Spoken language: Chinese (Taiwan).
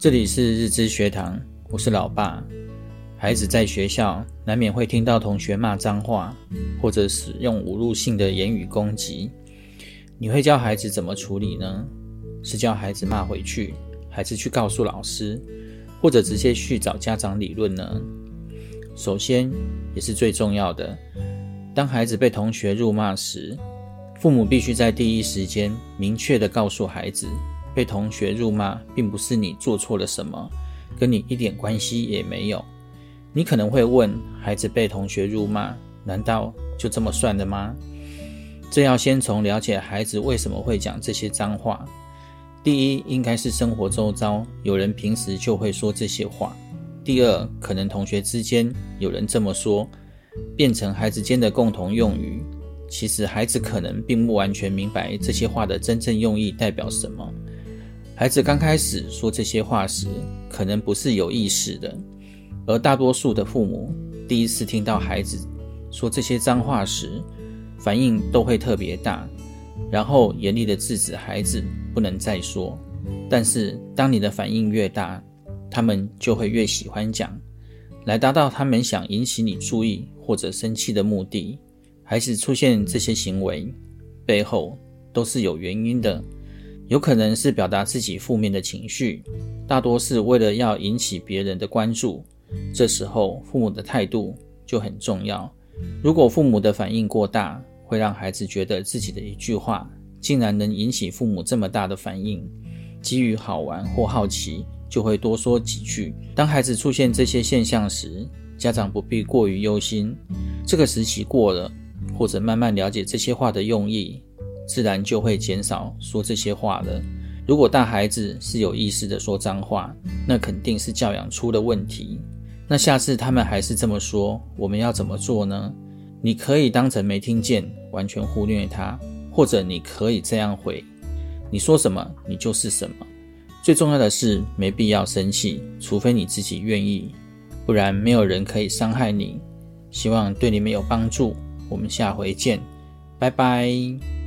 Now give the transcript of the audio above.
這裡是日知學堂，我是老爸。孩子在學校，難免會聽到同學罵髒話，或者使用侮辱性的言語攻擊。你會教孩子怎麼處理呢？是教孩子罵回去，還是去告訴老師，或者直接去找家長理論呢？首先，也是最重要的，當孩子被同學辱罵時，父母必須在第一時間明確的告訴孩子。被同學辱罵，並不是你做錯了什麼，跟你一點關係也沒有。你可能會問：孩子被同學辱罵，難道就這麼算了嗎？這要先從了解孩子為什麼會講這些髒話。第一，應該是生活周遭有人平時就會說這些話；第二，可能同學之間有人這麼說，變成孩子間的共同用語。其實，孩子可能並不完全明白這些話的真正用意代表什麼。孩子剛開始說這些話時，可能不是有意識的，而大多數的父母第一次聽到孩子說這些髒話時，反應都會特別大，然後嚴厲的制止孩子不能再說。但是，當你的反應越大，他們就會越喜歡講，來達到他們想引起你注意或者生氣的目的。孩子出現這些行為背後都是有原因的。有可能是表達自己負面的情緒，大多是為了要引起別人的關注。這時候父母的態度就很重要。如果父母的反應過大，會讓孩子覺得自己的一句話竟然能引起父母這麼大的反應。基於好玩或好奇，就會多說幾句。當孩子出現這些現象時，家長不必過於憂心。這個時期過了，或者慢慢了解這些話的用意。自然就會減少說這些話了。如果大孩子是有意識的說髒話，那肯定是教養出了問題。那下次他們還是這麼說，我們要怎麼做呢？你可以當成沒聽見，完全忽略他，或者你可以這樣回：“你說什麼，你就是什麼。”最重要的是，沒必要生氣，除非你自己願意。不然沒有人可以傷害你。希望對你們有幫助。我們下回見，拜拜。